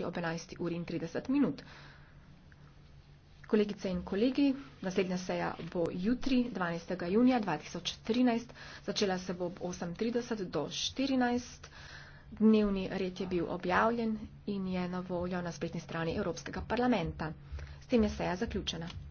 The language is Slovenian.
pri 11. uri in 30 minut. Kolegice in kolegi, naslednja seja bo jutri, 12. junija 2013. Začela se bo ob 8.30 do 14. Dnevni red je bil objavljen in je na voljo na spletni strani Evropskega parlamenta. S tem je seja zaključena.